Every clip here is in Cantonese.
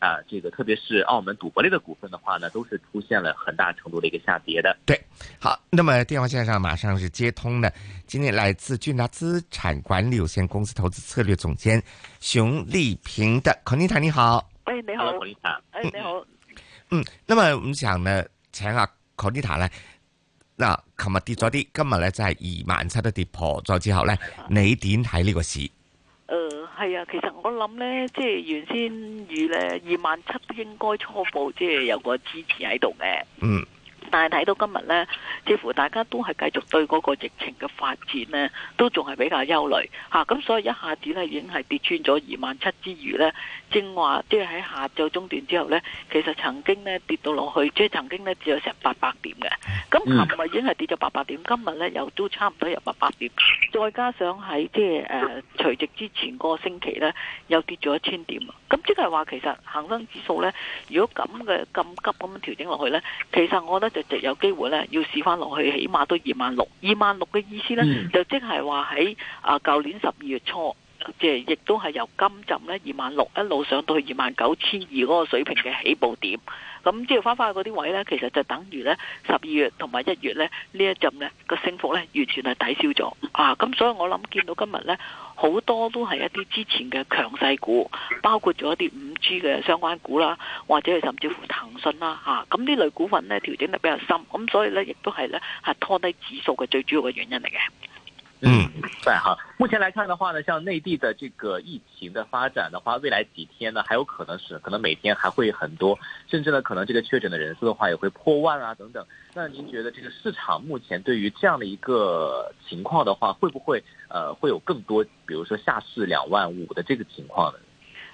啊，這個特別是澳門賭博類的股份的話呢，都是出現了很大程度的一個下跌的。對，好，那麼電話線上馬上是接通的，今天來自俊達資產管理有限公司投資策略總監熊麗萍的 Konica，你好。哎，你好。Hello，Konica，哎，你好。嗯，那麼我們想呢，前啊 Konica 呢那 a 咧，嗱，琴日跌咗啲，今日咧就係二萬七都跌破咗之後呢，你點睇呢個市？係啊，其實我諗呢，即係原先預呢，二萬七都應該初步即係有個支持喺度嘅。嗯。但係睇到今日呢，似乎大家都係繼續對嗰個疫情嘅發展呢，都仲係比較憂慮吓。咁、啊、所以一下子呢，已經係跌穿咗二萬七之餘呢。正話即係喺下晝中段之後呢，其實曾經呢跌到落去，即係曾經呢只有成八百點嘅。咁琴日已經係跌咗八百點，今日呢又都差唔多有八百點，再加上喺即係誒除夕之前嗰個星期呢，又跌咗一千點。咁即係話其實恆生指數呢，如果咁嘅咁急咁樣調整落去呢，其實我覺得，就有機會咧，要試翻落去，起碼都二萬六，二萬六嘅意思呢，嗯、就即係話喺啊，舊年十二月初，即係亦都係由金針呢二萬六一路上到去二萬九千二嗰個水平嘅起步點。咁之後翻翻去嗰啲位呢，其實就等於呢十二月同埋一月呢，呢一陣咧個升幅呢，完全係抵消咗啊！咁所以我諗見到今日呢，好多都係一啲之前嘅強勢股，包括咗一啲嘅相關股啦，或者係甚至乎騰訊啦，吓，咁呢類股份呢調整得比較深，咁所以呢，亦都係呢係拖低指數嘅最主要嘅原因嚟嘅。嗯，係哈。目前來看的話呢，像內地的這個疫情的發展的話，未來幾天呢還有可能是可能每天還會很多，甚至呢可能這個確診的人數的話也會破萬啊等等。那您覺得這個市場目前對於這樣的一個情況的話，會不會呃會有更多，比如說下試兩萬五的這個情況呢？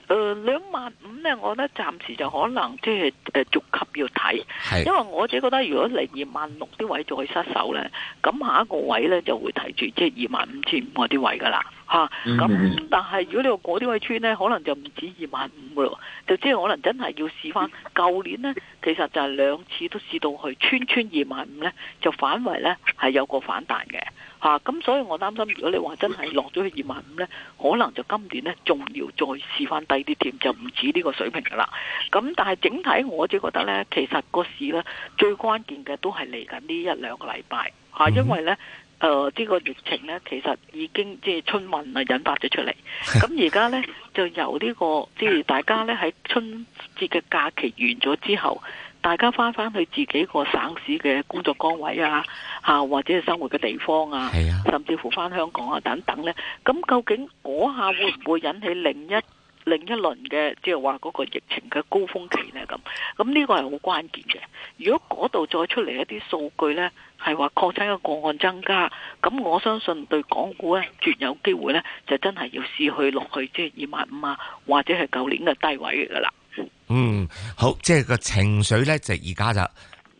誒，兩萬五咧，我覺得暫時就可能即係誒逐級要睇，是因為我自己覺得如果嚟二萬六啲位再去失守咧，咁下一個位咧就會睇住即係二萬五千五嗰啲位噶啦，吓、啊，咁、mm hmm. 但係如果你過啲位穿咧，可能就唔止二萬五咯，就即係可能真係要試翻舊、mm hmm. 年咧，其實就係兩次都試到去穿穿二萬五咧，就反為咧係有個反彈嘅。啊，咁所以我擔心，如果你話真係落咗去二萬五咧，可能就今年咧仲要再試翻低啲點，點，就唔止呢個水平噶啦。咁但係整體，我自己覺得咧，其實個市咧最關鍵嘅都係嚟緊呢一兩個禮拜嚇，因為咧，誒、呃、呢、呢個疫情咧其實已經即係春運啊引發咗出嚟。咁而家咧就由呢、呢個即係大家咧喺春節嘅假期完咗之後。大家返返去自己個省市嘅工作崗位啊，嚇、啊、或者係生活嘅地方啊，甚至乎返香港啊等等呢。咁究竟嗰下會唔會引起另一另一輪嘅即係話嗰個疫情嘅高峰期呢？咁咁呢個係好關鍵嘅。如果嗰度再出嚟一啲數據呢，係話確診嘅個案增加，咁我相信對港股呢，絕有機會呢，就真係要試去落去即係二萬五啊，就是、00，或者係舊年嘅低位㗎啦。嗯，好，即係個情緒咧，就而家就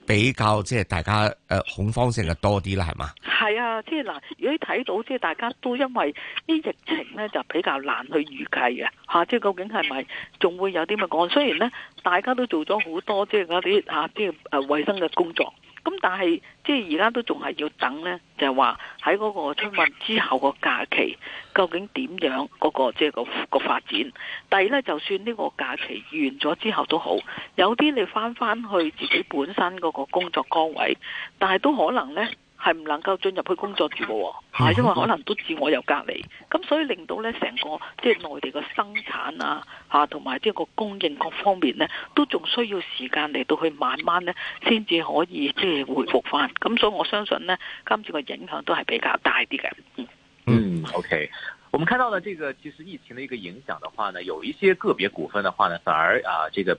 比較即係大家誒恐慌性嘅多啲啦，係嘛？係啊，即係嗱，如果睇到即係大家都因為啲疫情咧，就比較難去預計嘅吓，即係究竟係咪仲會有啲乜講？雖然咧，大家都做咗好多即係嗰啲吓，即係誒衛生嘅工作。咁但係，即係而家都仲係要等呢，就係話喺嗰個春運之後個假期，究竟點樣嗰個即係個個發展？第二呢，就算呢個假期完咗之後都好，有啲你翻翻去自己本身嗰個工作崗位，但係都可能呢。係唔能夠進入去工作住嘅喎，係因為可能都自我有隔離，咁所以令到呢成個即係、就是、內地嘅生產啊，嚇同埋即係個供應各方面呢，都仲需要時間嚟到去慢慢呢先至可以即係回復翻。咁所以我相信呢，今次嘅影響都係比較大啲嘅。嗯，嗯，OK，我們看到呢，這個其實疫情嘅一個影響嘅話呢，有一些個別股份嘅話呢，反而啊，這個。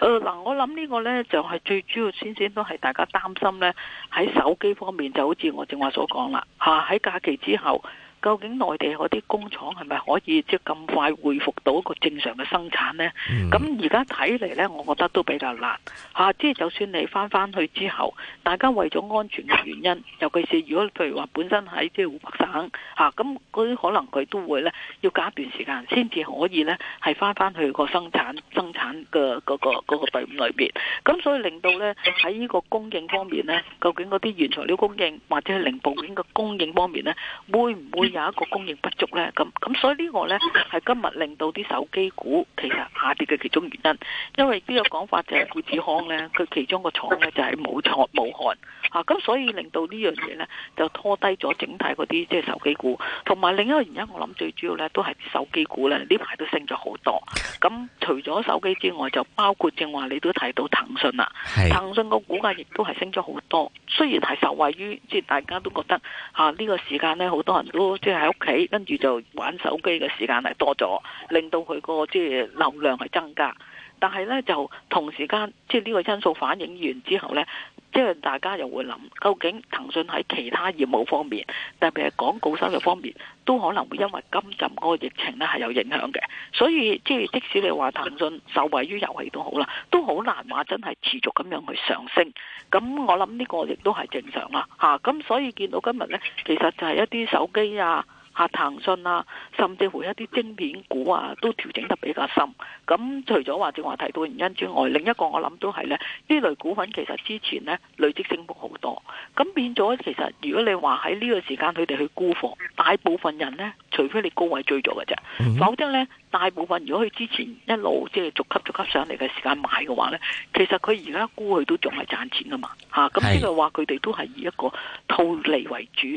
誒嗱、呃，我諗呢個呢，就係、是、最主要先先都係大家擔心呢，喺手機方面，就好似我正話所講啦嚇，喺、啊、假期之後。究竟內地嗰啲工廠係咪可以即係咁快恢復到一個正常嘅生產呢？咁而家睇嚟呢，我覺得都比較難嚇。即、啊、係就算你翻翻去之後，大家為咗安全嘅原因，尤其是如果譬如話本身喺即係湖北省嚇，咁嗰啲可能佢都會呢要隔一段時間先至可以呢係翻翻去個生產生產嘅嗰、嗰個嗰、嗰個嗰個隊伍裏邊。咁所以令到呢喺呢個供應方面呢，究竟嗰啲原材料供應或者係零部件嘅供應方面呢，會唔會、mm？Hmm. 有一個供應不足呢，咁咁所以呢個呢，係今日令到啲手機股其實下跌嘅其中原因，因為呢個講法就係富士康呢，佢其中個廠呢就是，就喺武漢武漢嚇，咁所以令到呢樣嘢呢，就拖低咗整體嗰啲即係手機股，同埋另一個原因我諗最主要呢，都係手機股呢，呢排都升咗好多，咁除咗手機之外就包括正話你都提到騰訊啦，騰訊個股價亦都係升咗好多，雖然係受惠於即係大家都覺得嚇呢、啊這個時間呢，好多人都。即係喺屋企，跟住就玩手機嘅時間係多咗，令到佢個即係流量係增加。但係咧，就同時間即係呢個因素反映完之後咧。即係大家又會諗，究竟騰訊喺其他業務方面，特別係廣告收入方面，都可能會因為今陣嗰個疫情呢係有影響嘅。所以即係即使你話騰訊受惠於遊戲都好啦，都好難話真係持續咁樣去上升。咁我諗呢個亦都係正常啦，嚇。咁所以見到今日呢，其實就係一啲手機啊。啊！騰訊啊，甚至乎一啲晶片股啊，都調整得比較深。咁除咗話正話提到原因之外，另一個我諗都係咧，呢類股份其實之前咧累積升幅好多，咁變咗其實如果你話喺呢個時間佢哋去沽貨，大部分人咧，除非你高位追咗嘅啫，否則咧。大部分如果佢之前一路即係逐級逐級上嚟嘅時間買嘅話咧，其實佢而家估佢都仲係賺錢㗎嘛，啊嘛嚇，咁即係話佢哋都係以一個套利為主。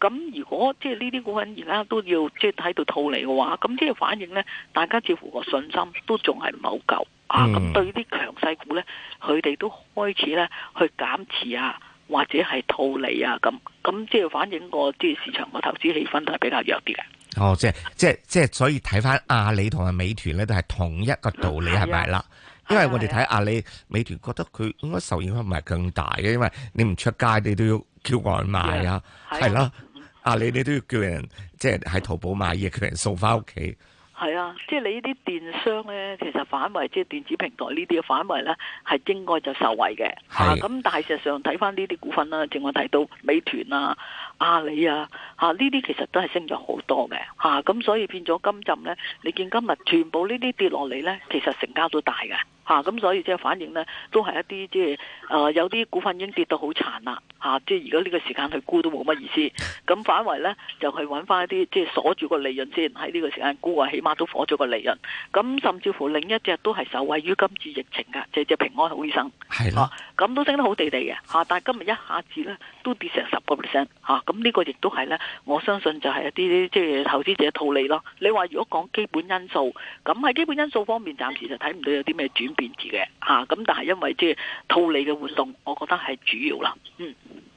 咁如果即係呢啲股份而家都要即係喺度套利嘅話，咁即係反映咧，大家似乎個信心都仲係唔係好夠啊。咁對啲強勢股咧，佢哋都開始咧去減持啊，或者係套利啊咁。咁即係反映個即係市場個投資氣氛都係比較弱啲嘅。哦，即係即係即係，所以睇翻阿里同埋美團咧，都係同一個道理，係咪啦？因為我哋睇阿里，啊、美團，覺得佢應該受影響都唔係更大嘅，因為你唔出街，你都要叫外賣啊，係啦，啊。啊啊嗯、阿里你都要叫人，即係喺淘寶買嘢，叫人掃翻屋企。係啊，即係你呢啲電商咧，其實反為即係電子平台呢啲反為咧，係應該就受惠嘅。係是。咁，啊、但係事實上睇翻呢啲股份啦，正話我提到美團啊。阿里啊，吓，呢啲其實都係升咗好多嘅，吓、啊、咁所以變咗今陣呢，你見今日全部呢啲跌落嚟呢，其實成交都大嘅，吓、啊、咁所以即係反應呢，都係一啲即係誒有啲股份已經跌到好殘啦，吓、啊、即係如果呢個時間去沽都冇乜意思，咁反為呢，就去揾翻一啲即係鎖住個利潤先喺呢個時間沽啊，起碼都鎖咗個利潤，咁甚至乎另一隻都係受惠於今次疫情嘅，即、就、係、是、平安好醫生係咁都升得好地地嘅，吓、啊！但係今日一下子咧都跌成十、啊、個 percent，吓！咁呢個亦都係咧，我相信就係一啲即係投資者套利咯。你話如果講基本因素，咁喺基本因素方面，暫時就睇唔到有啲咩轉變住嘅，吓、啊！咁但係因為即係、就是、套利嘅活動，我覺得係主要啦，嗯。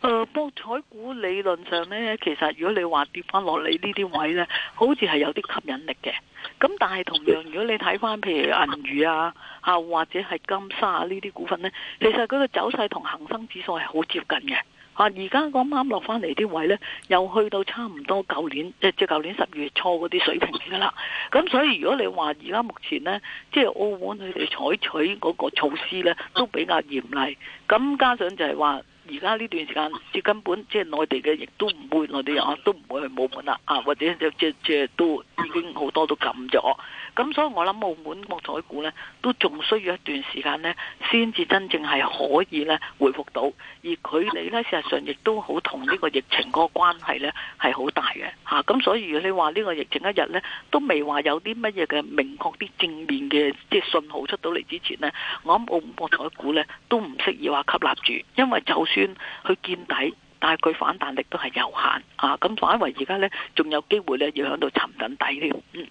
誒，博彩、呃、股理論上呢，其實如果你話跌翻落嚟呢啲位呢，好似係有啲吸引力嘅。咁但係同樣，如果你睇翻譬如銀娛啊，啊，或者係金沙呢啲股份呢，其實嗰個走勢同恒生指數係好接近嘅。吓、啊，而家咁啱落翻嚟啲位呢，又去到差唔多舊年即係舊年十月初嗰啲水平嚟噶啦。咁所以如果你話而家目前呢，即、就、係、是、澳門佢哋採取嗰個措施呢，都比較嚴厲。咁加上就係話。而家呢段時間，即根本即係內地嘅，亦都唔會內地人啊，都唔會去澳門啦啊，或者即即係都已經好多都冚咗。咁所以我諗澳門博彩股咧，都仲需要一段時間咧，先至真正係可以咧回復到。而佢哋咧，事實上亦都好同呢個疫情個關係係咧係好大嘅吓，咁、啊、所以如果你話呢個疫情一日咧，都未話有啲乜嘢嘅明確啲正面嘅即係信號出到嚟之前咧，我諗澳門博彩股咧都唔適宜話吸納住，因為就算去見底，但係佢反彈力都係有限啊！咁、啊、反為而家咧，仲有機會咧，要喺度沉緊底呢？嗯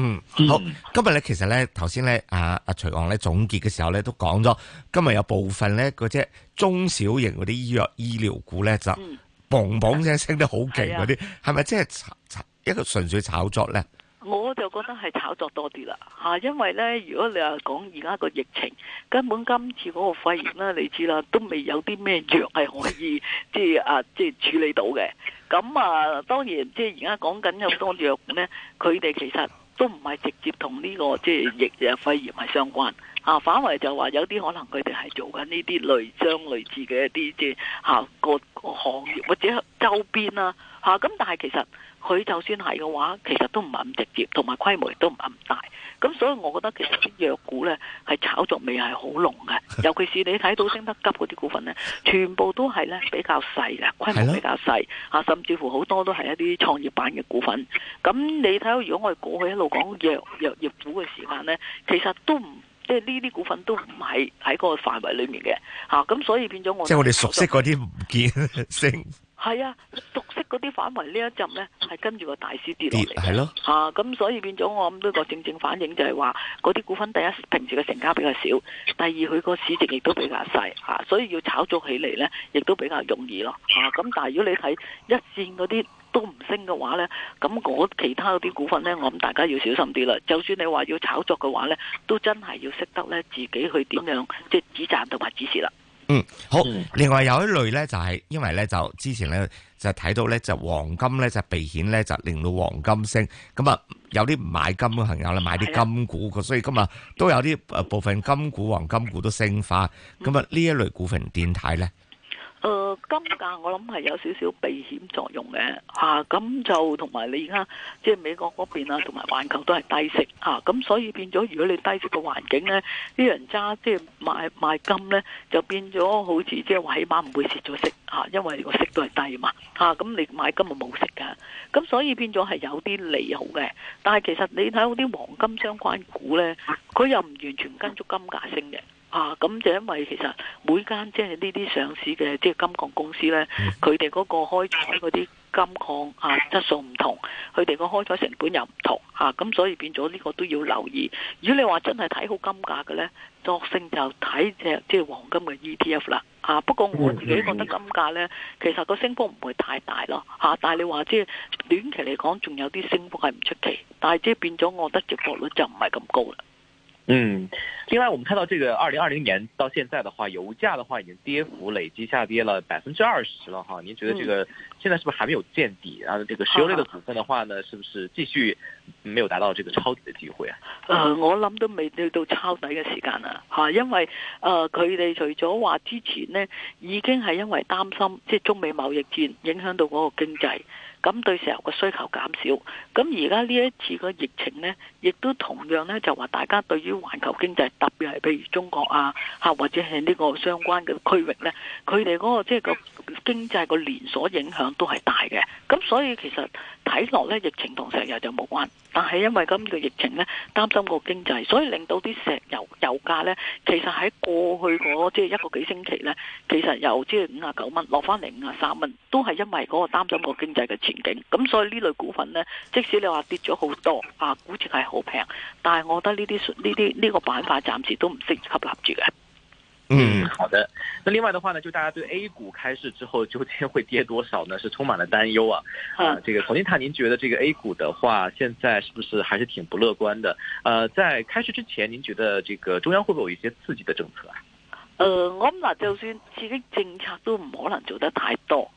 嗯，好，今日咧，其實咧，頭先咧，阿、啊、阿徐昂咧總結嘅時候咧，都講咗，今日有部分咧，嗰隻中小型嗰啲醫藥醫療股咧，就嘣嘣一聲升得好勁嗰啲，係咪即係一個純粹炒作咧？我就覺得係炒作多啲啦嚇，因為呢，如果你話講而家個疫情，根本今次嗰個肺炎啦，你知啦，都未有啲咩藥係可以即係啊，即係處理到嘅。咁啊，當然即係而家講緊有好多藥呢，佢哋其實都唔係直接同呢個即係疫啊肺炎係相關。啊，反而就話有啲可能佢哋係做緊呢啲類章類似嘅一啲即個行業或者周邊啦、啊、咁、啊、但係其實佢就算係嘅話，其實都唔係咁直接，同埋規模亦都唔係咁大。咁所以我覺得其實啲藥股咧係炒作味係好濃嘅， 尤其是你睇到升得急嗰啲股份咧，全部都係咧比較細嘅規模，比較細、啊、甚至乎好多都係一啲創業板嘅股份。咁你睇到如果我哋過去一路講藥藥業股嘅時間咧，其實都唔～即係呢啲股份都唔係喺個範圍裡面嘅嚇，咁、啊、所以變咗我即係我哋熟悉嗰啲唔見升， 啊，熟悉嗰啲範圍呢一陣咧係跟住個大市跌落嚟，係咯嚇，咁、啊、所以變咗我諗呢、呢個正正反映就係話嗰啲股份第一平時嘅成交比較少，第二佢個市值亦都比較細嚇、啊，所以要炒作起嚟咧亦都比較容易咯嚇，咁、啊、但係如果你睇一線嗰啲，都唔升嘅話咧，咁我其他嗰啲股份咧，我諗大家要小心啲啦。就算你話要炒作嘅話咧，都真係要識得咧自己去點樣即係止賺同埋止蝕啦。嗯，好。另外有一類咧就係，因為咧就之前咧就睇到咧就黃金咧就避險咧就令到黃金升。咁啊有啲唔買金嘅朋友咧買啲金股，所以今日都有啲誒部分金股，黃金股都升翻。咁啊呢一類股份點睇咧？誒、呃，金價我諗係有少少避險作用嘅吓。咁、啊、就同埋你而家即係美國嗰邊啊，同埋環球都係低息吓，咁所以變咗如果你低息嘅環境咧，啲人揸即係買金咧，就變咗好似即係話起碼唔會蝕咗息吓、啊，因為個息都係低嘛吓，咁、啊、你買金就冇息噶，咁所以變咗係有啲利好嘅，但係其實你睇嗰啲黃金相關股咧，佢又唔完全跟足金價升嘅。啊，咁就因為其實每間即係呢啲上市嘅即係金礦公司咧，佢哋嗰個開採嗰啲金礦啊質素唔同，佢哋個開採成本又唔同，嚇、啊、咁所以變咗呢個都要留意。如果你話真係睇好金價嘅咧，作性就睇即係黃金嘅 ETF 啦，嚇、啊。不過我自己覺得金價咧，其實個升幅唔會太大咯，嚇、啊。但係你話即係短期嚟講，仲有啲升幅係唔出奇，但係即係變咗，我覺得值博率就唔係咁高啦。嗯，另外我們看到這個二零二零年到現在的話，油價的話已經跌幅累積下跌了百分之二十了哈。您覺得這個現在是不是還沒有見底啊？啊、嗯、這個石油類的股份的話呢，啊、是不是繼續沒有達到這個抄底的機會啊？呃，我諗都未到到抄底嘅時間啊吓，因為呃佢哋除咗話之前呢已經係因為擔心即係、就是、中美貿易戰影響到嗰個經濟。咁對石油嘅需求減少，咁而家呢一次個疫情呢，亦都同樣呢就話大家對於環球經濟，特別係譬如中國啊，吓或者係呢個相關嘅區域呢，佢哋嗰個即係個經濟個連鎖影響都係大嘅。咁所以其實睇落呢疫情同石油就冇關，但係因為咁個疫情呢，擔心個經濟，所以令到啲石油油價呢，其實喺過去嗰即係一個幾星期呢，其實由即係五啊九蚊落翻嚟五啊三蚊，都係因為嗰個擔心個經濟嘅。前景咁，所以呢類股份咧，即使你話跌咗好多啊，估值係好平，但係我覺得呢啲呢啲呢個板塊暫時都唔適合入住嘅。嗯，好的。那另外的話呢，就大家對 A 股開市之後究竟會跌多少呢？是充滿了擔憂啊。啊，這個洪金塔，您覺得這個 A 股的話，現在是不是還是挺不樂觀的？呃、啊，在開市之前，您覺得這個中央會不會有一些刺激的政策啊？呃，我諗嗱，就算刺激政策都唔可能做得太多。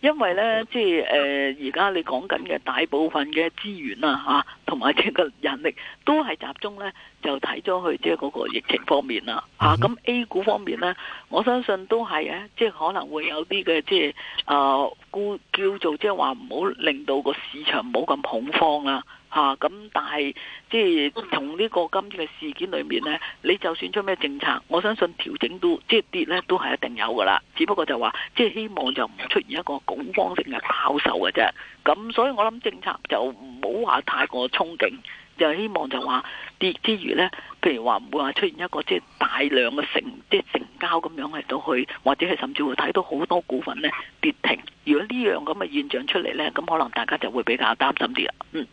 因為咧，即係誒，而家你講緊嘅大部分嘅資源啊，同埋即個人力都係集中咧，就睇咗去即係嗰個疫情方面啦。嚇，咁 A 股方面咧，我相信都係咧，即係可能會有啲嘅即係啊，叫做即係話唔好令到個市場唔好咁恐慌啦。啊，咁但係即係從呢個今次嘅事件裏面呢，你就算出咩政策，我相信調整都即係跌呢都係一定有噶啦。只不過就話即係希望就唔出現一個恐慌性嘅拋售嘅啫。咁所以我諗政策就唔好話太過憧憬，就希望就話跌之餘呢，譬如話唔會話出現一個即係大量嘅成即係成交咁樣嚟到去，或者係甚至會睇到好多股份呢跌停。如果呢樣咁嘅現象出嚟呢，咁可能大家就會比較擔心啲啦。嗯。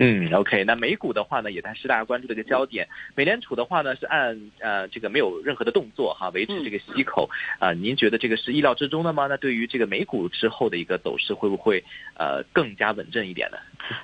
嗯，OK，那美股的話呢，也在是大家關注的一個焦點。美聯儲的話呢，是按，呃，這個沒有任何的動作哈、啊，維持這個息口。啊、呃，您覺得這個是意料之中的嗎？那對於這個美股之後的一個走勢，會不會，呃，更加穩陣一點呢？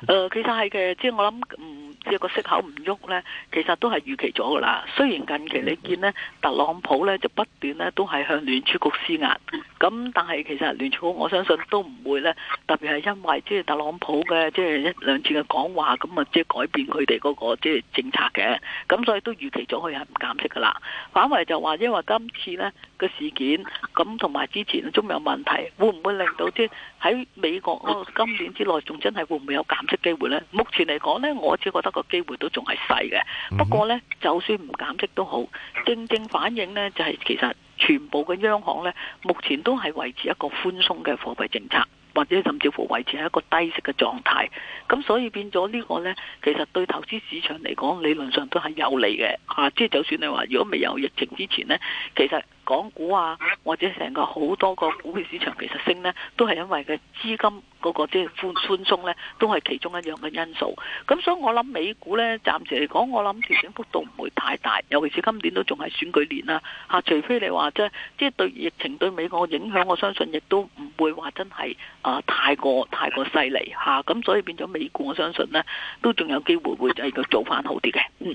呃，其實係嘅，即、就、係、是、我諗，嗯，即、這、係個息口唔喐呢，其實都係預期咗噶啦。雖然近期你見呢，特朗普呢，就不斷呢，都係向聯儲局施壓，咁但係其實聯儲局我相信都唔會呢，特別係因為即係、就是、特朗普嘅即係一兩次嘅講話。啊，咁啊，即係改變佢哋嗰個即係政策嘅，咁所以都預期咗佢係唔減息㗎喇。反為就話，因為今次呢個事件，咁同埋之前都有問題，會唔會令到即喺美國今年之內仲真係會唔會有減息機會呢？目前嚟講呢，我只覺得個機會都仲係細嘅。不過呢，就算唔減息都好，正正反映呢就係、是、其實全部嘅央行呢，目前都係維持一個寬鬆嘅貨幣政策。或者甚至乎維持喺一個低息嘅狀態，咁所以變咗呢個呢，其實對投資市場嚟講理論上都係有利嘅，嚇！即係就算你話如果未有疫情之前呢，其實。港股啊，或者成個好多個股票市場，其實升呢，都係因為嘅資金嗰個即係寬寬鬆呢，都係其中一樣嘅因素。咁所以我諗美股呢，暫時嚟講，我諗調整幅度唔會太大，尤其是今年都仲係選舉年啦。吓、啊，除非你話即係即係對疫情對美國嘅影響，我相信亦都唔會話真係啊太過太過犀利吓。咁、啊、所以變咗美股，我相信呢都仲有機會會繼續做翻好啲嘅，嗯。